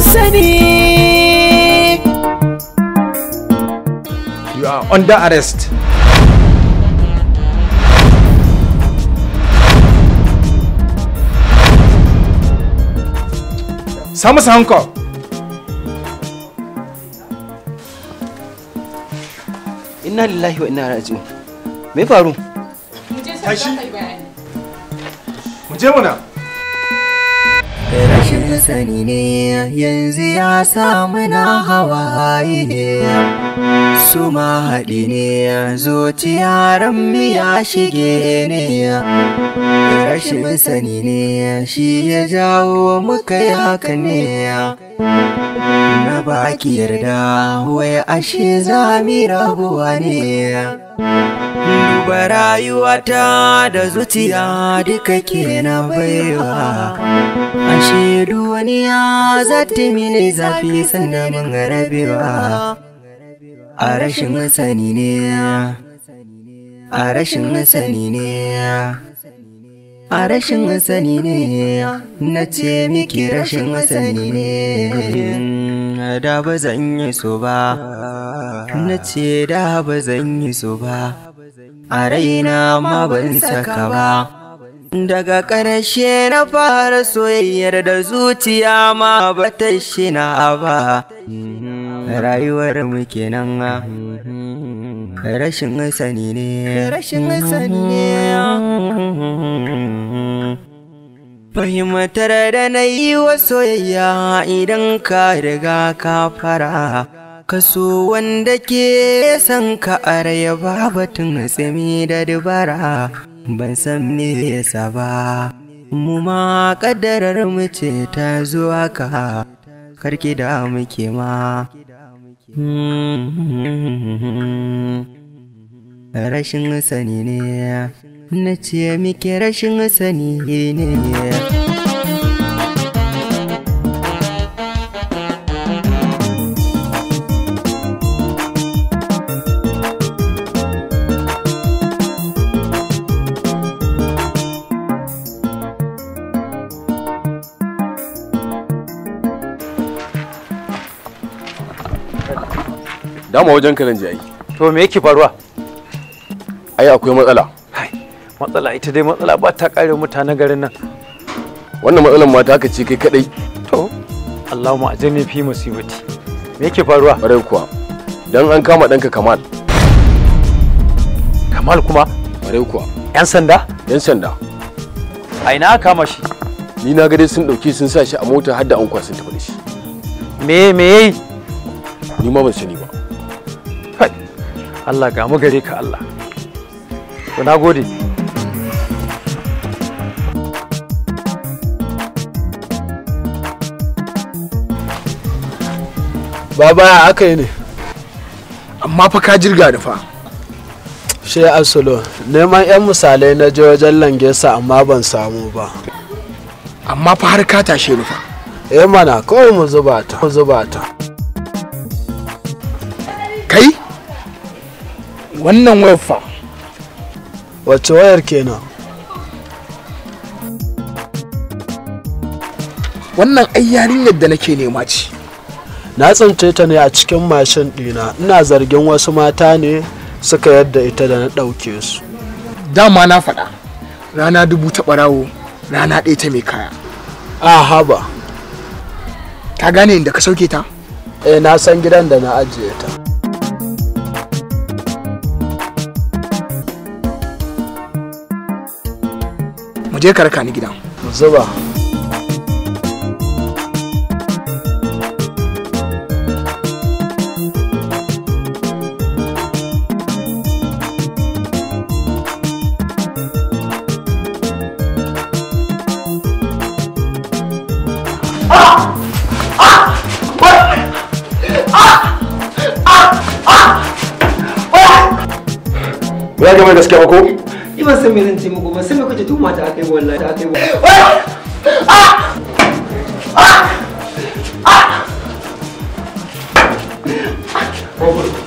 sani you are under arrest samu hanko inna lillahi wa inna ilaihi raji'un me faru mu je sai ka yi bayani mu je muna rashin sani ne yanzu ya sa hawa hawaye su ma haɗi ne zuciya miya shige ne rashin sani ne shi ya jawo muka yi haka ne na baki yarda wai ashe za mi rabuwa ne duba rayuwata da zuciya duka ke na baiwa ashe duniya za ta mini zafi sannan rabewa a rashin sani ne a rashin sani ne a rashin sani ne na ce miki rashin sani ne da ba zan yi so ba na ce da ba zan yi so ba a raina ma ban saka ba Daga ƙarshe na fara soyayyar da zuciya ma ba ta shina ba. rayuwar mu kenan ah. rashin sani ne rashin sani ne ah. fahimtar da na yi wa soyayya idan ka riga ka fara kaso wanda ke san ka araya batun tsimi da dubara ban san me yasa ba mu ma kaddarar mu ce ta zuwa ka karki da muke ma rashin sani ne na ce miki rashin sani ne dama wajen ka nan je ai to me yake faruwa ai akwai matsala matsala ita dai matsala ba ta kare mutanen garin nan wannan matsalan ma ta ka ce kai kadai to Allahumma ne fi musibati me yake faruwa bare kuwa dan an kama danka Kamal Kamal kuma bare kuwa yan sanda yan sanda a na kama shi ni na gade sun dauke sun sa shi a mota har da an kwasan tafi shi me me yayi ni ma ban sani Allah ga mu ka Allah to gode? Baba ya aka yi ne, amma fa ka jirga da fa. Shi Asolo, neman 'yan misalai na je wajen langesa amma ban samu ba. Amma fa har ka tashe ni fa. Eh mana, kawai mu zuba ta, mu zuba ta. wannan wayar fa wacce wayar kenan wannan ai yarinyar da nake nema ce na tsince ta ne a cikin mashin ɗina ina zargin wasu mata ne suka yadda ita da na ɗauke su dama na faɗa rana dubu ta ɓarawo rana ɗaya ta mai kaya a haba ka gane inda ka sauke ta eh na san gidan da na ajiye ta mu je ka Você ni gidan mu zuba Ya que gaskiya ko? Iba sai mai zan ce muku ba sai told you too much at the one like at the one. Ah! Ah! Ah! Ah! Oh my.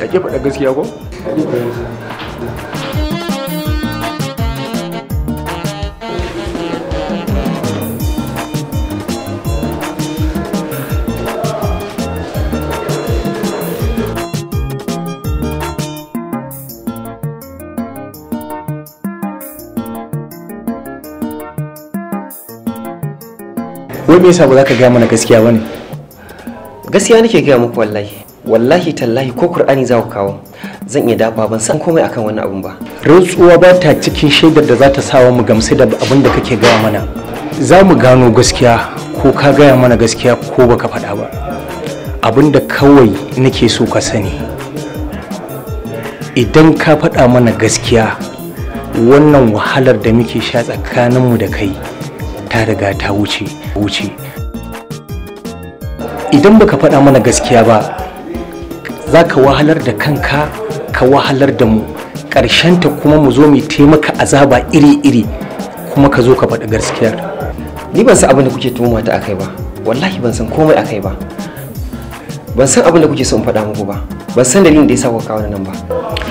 Ya je pada gesia aku. Jadi wai me yasa ba za ka gaya mana gaskiya ba ne gaskiya nake gaya muku wallahi wallahi tallahi ko qur'ani za ku kawo zan iya dafa ban san komai akan wannan abun ba rantsuwa ba ta cikin shaidar da za ta sawa mu gamsu da abin da kake gaya mana za mu gano gaskiya ko ka gaya mana gaskiya ko baka faɗa ba abin da kawai nake so ka sani idan ka faɗa mana gaskiya wannan wahalar da muke sha tsakaninmu da kai ta riga ta wuce wuce idan baka faɗa mana gaskiya ba za ka wahalar da kanka ka wahalar da mu ta kuma mu zo mu taimaka azaba iri-iri kuma ka zo ka faɗi gaskiyar ni ban san abin da kuke tuhuma ta akai ba wallahi ban san komai akai ba ban san abin da kuke so in faɗa muku ba ban san dalilin da yasa kuka kawo nan ba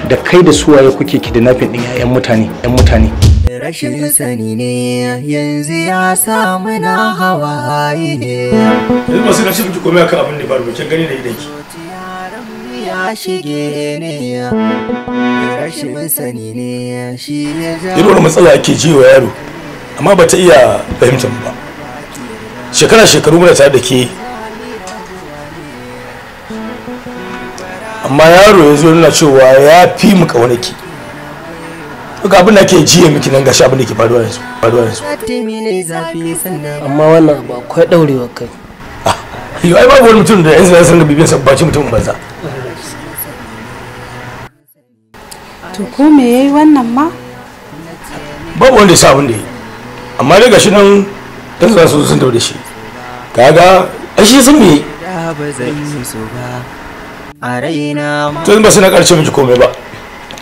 da kai da suwaye kuke kidnapping ɗin 'ya'yan mutane 'yan mutane rashin sani ne yanzu ya samu na ne. yanzu masu rashin mutu komai akan abin da ba rubutun gani da idanki ya shige ne ya rashin sani ne shi ne ja irin matsala ake ji wa yaro amma ba ta iya fahimtar ba shekara shekaru muna tare da ke amma yaro ya zo yana cewa ya fi mu ki ga abin da ke ya miki nan gashi abin da ke faruwa yanzu faruwa yanzu amma wannan abu akwai daurewa kai ah, yau ai babu wani mutum da yanzu na san bibiyar sabba ci mutum banza to ko me yayi wannan ma babu wanda ya sa abin da yi amma dai gashi nan dan za su sun daure shi kaga ai shi sun me ba zan so ba a raina tun ba su na karshe miki komai ba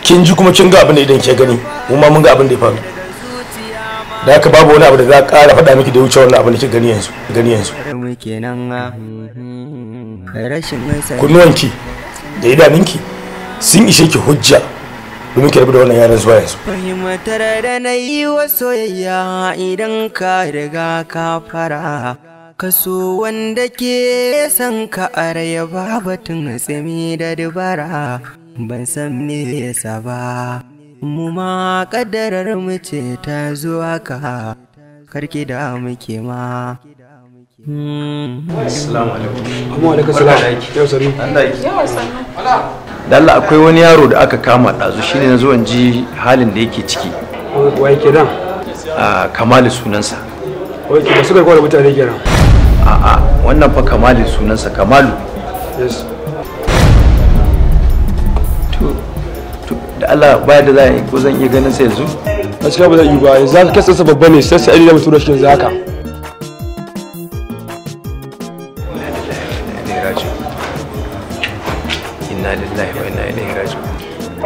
kin ji kuma kin ga abin da idan ke gani mu ma mun ga abin da ya faru da haka babu wani abu da za ƙara faɗa miki da wuce wannan abin da ke gani yanzu gani yanzu ah, kunnuwanki da idanunki sun ishe ki hujja domin ki rabu da wannan yaran zuwa yanzu fahimtar da na yi wa soyayya idan ka riga ka fara kaso wanda ke san ka araya babatun tsimi da dubara ban san me yasa ba mu ma kaddarar mu ce ta zo haka karki da muke ma hmm. Assalamu alaikum. Amma wani salam. Yau sari. Allah yi. Yau sannu. Dalla akwai wani yaro da aka kama ɗazu shine na zuwan in ji halin da yake ciki. Wai kenan? A Kamalu sunansa. Wai ba su kai kowa da mutane kenan. A'a wannan fa Kamalu sunansa Kamalu. Yes. Allah ba da za a yi ko zan iya ganin sa yanzu cikin ba zan yi ba yanzu kasa sa babba ne sai sai da mutu da shi yanzu haka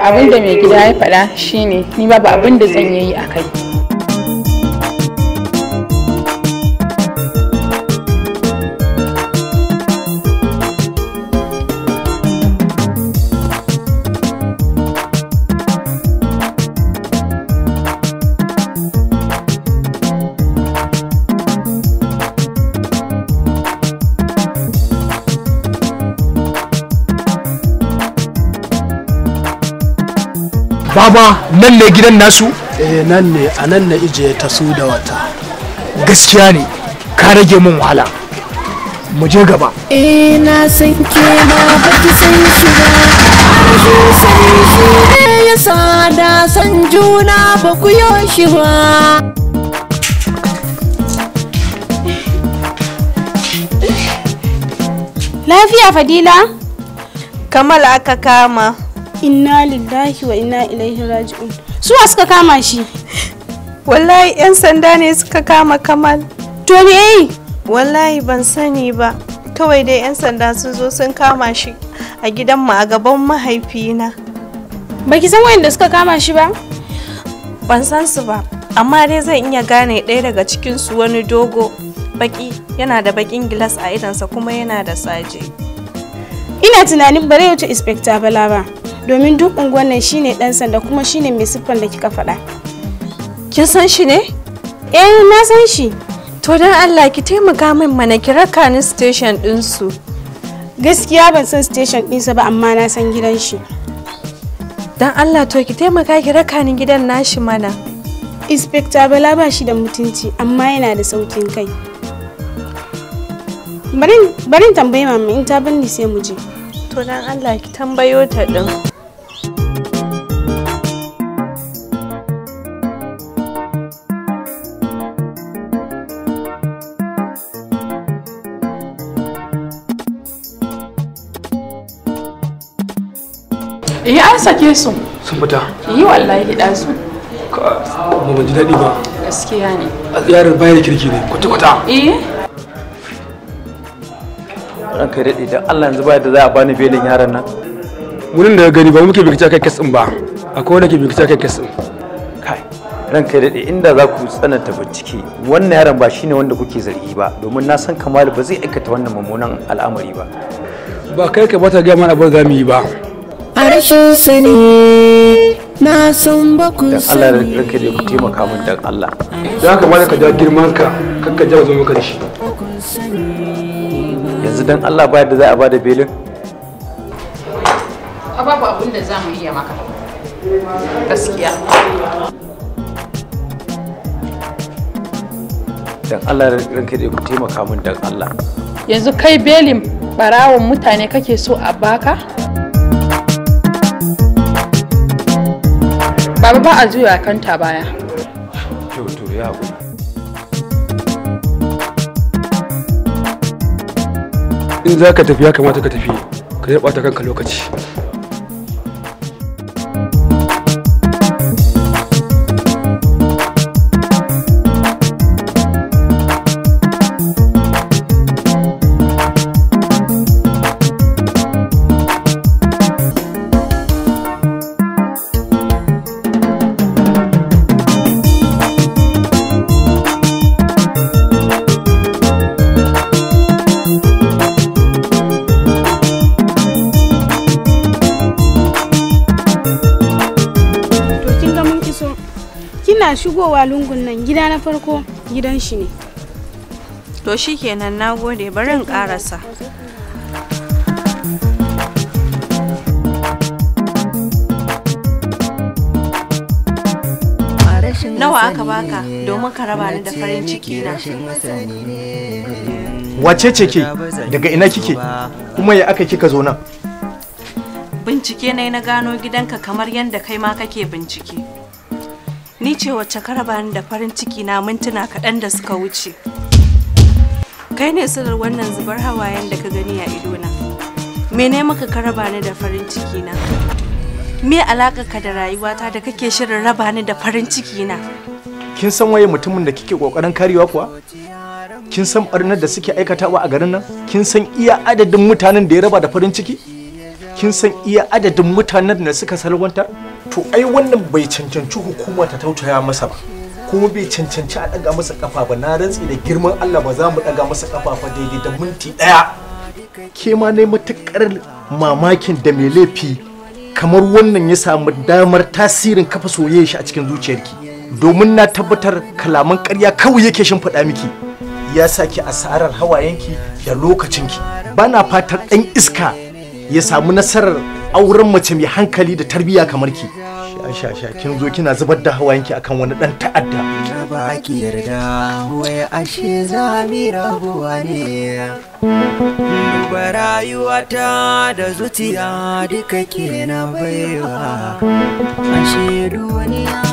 abin da mai gida ya faɗa shine ni babu abin da zan yi a kai baba nan ne gidan nasu eh nan ne a nan na ije ta su da wata gaskiya ne ka rage mun wahala mu je gaba eh na san ke ba ki san shi ba ya sa da san juna ba ku shi ba lafiya fadila kamala aka kama inna lillahi wa inna ilaihi raji'un su suka kama shi wallahi yan sanda ne suka kama kamal to me wallahi ban sani ba kawai dai yan sanda sun zo sun kama shi a gidanmu a gaban mahaifina baki san wayanda suka kama shi ba ban san su ba amma dai zan iya gane ɗaya daga cikin su wani dogo baki yana da bakin gilas a idansa kuma yana da saje ina tunanin bare wuce inspector bala ba domin duk unguwan nan shine dan sanda kuma shine mai siffan da kika faɗa kin san shi ne eh na san shi to don Allah ki taimaka min mana kira ni station din su gaskiya ban san station ɗinsa ba amma na san gidan shi don Allah to ki taimaka ki raka ni gidan nashi mana inspector bala ba shi da mutunci amma yana da saukin kai barin tambayi mama in ta bani sai mu je to dan Allah ki tambayo ta din an sake su sun fita yi wallahi da su ba ban ji daɗi ba gaskiya ne yaron bayar kirki ne kwata-kwata eh ranka ya daɗe don Allah yanzu ba da za a bani belin yaran nan wurin da gani ba muke bikici akai kasin ba akwai wanda ke bikici akai kasin kai ranka ya daɗe inda za ku tsananta bincike wannan yaron ba shine wanda kuke zargi ba domin na san kamal ba zai aikata wannan mummunan al'amari ba ba kai ka bata gaya mana ba za mu yi ba a rashin ne na san baku sani Allah ranka da ku taimaka min dan Allah haka kamata ka ja girman ka kakka ja zo maka shi yanzu dan Allah ba yadda za a bada belin a babu abin da za mu iya maka gaskiya dan Allah ranka da ku taimaka min dan Allah yanzu kai belin barawon mutane kake so a baka Baba ba a juya kanta baya. In za ka tafi ya kamata ka tafi, ka yi ɓata kanka lokaci. A shigowa lungun nan gida na farko gidan shi ne. To shikenan na gode, barin karasa. Nawa aka baka domin ka raba ni da farin ciki na. Wace ce ke daga ina kike kuma ya aka kika zo nan? Bincike ne na gano gidanka kamar yadda kai ma kake bincike. Ni ce wacce karabani da farin ciki na mintuna kaɗan da suka wuce. Kai ne sirar wannan zubar hawayen da ka gani a idona. Mene maka karabani da farin ciki na? Me alaka ka da rayuwata da kake shirin raba ni da farin ciki na? Kin san waye mutumin da kike kokarin karewa kuwa? Kin san barnar da suke aikatawa a garin nan? Kin san iya adadin mutanen da ya raba da farin ciki? Kin san iya adadin mutanen da suka salwantar? to ai wannan bai cancanci hukuma ta tautaya masa ba kuma bai cancanci a daga masa kafa ba na rantsi da girman Allah ba za mu ɗaga masa kafa ba daidai da minti ɗaya ke ma ne matuƙar mamakin da mai laifi kamar wannan ya samu damar tasirin kafa soyayya shi a cikin zuciyarki domin na tabbatar kalaman ƙarya kawai yake shimfiɗa miki ya saki asarar hawayenki da lokacinki bana fatar ɗan iska ya samu nasarar auren mace mai hankali da tarbiyya kamar ki sha sha kin zo kina zubar da hawayenki akan wani dan ta'adda ba ki yarda wai ashe zami rabuwa ne rayuwa ta da zuciya duka ke na baiwa ashe duniya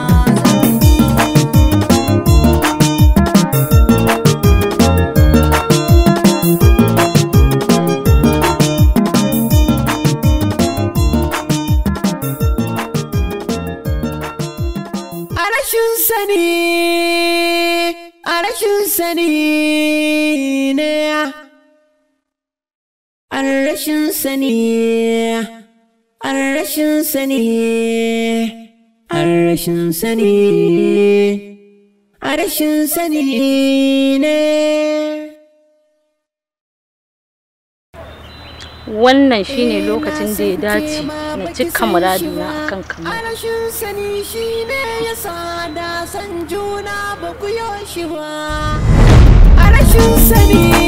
sani an rashin sani an rashin sani an rashin sani ne wannan shine lokacin da ya dace na cika muradina a kan kamar rashin sani shine ya sada san juna ba ku shi ba a rashin sani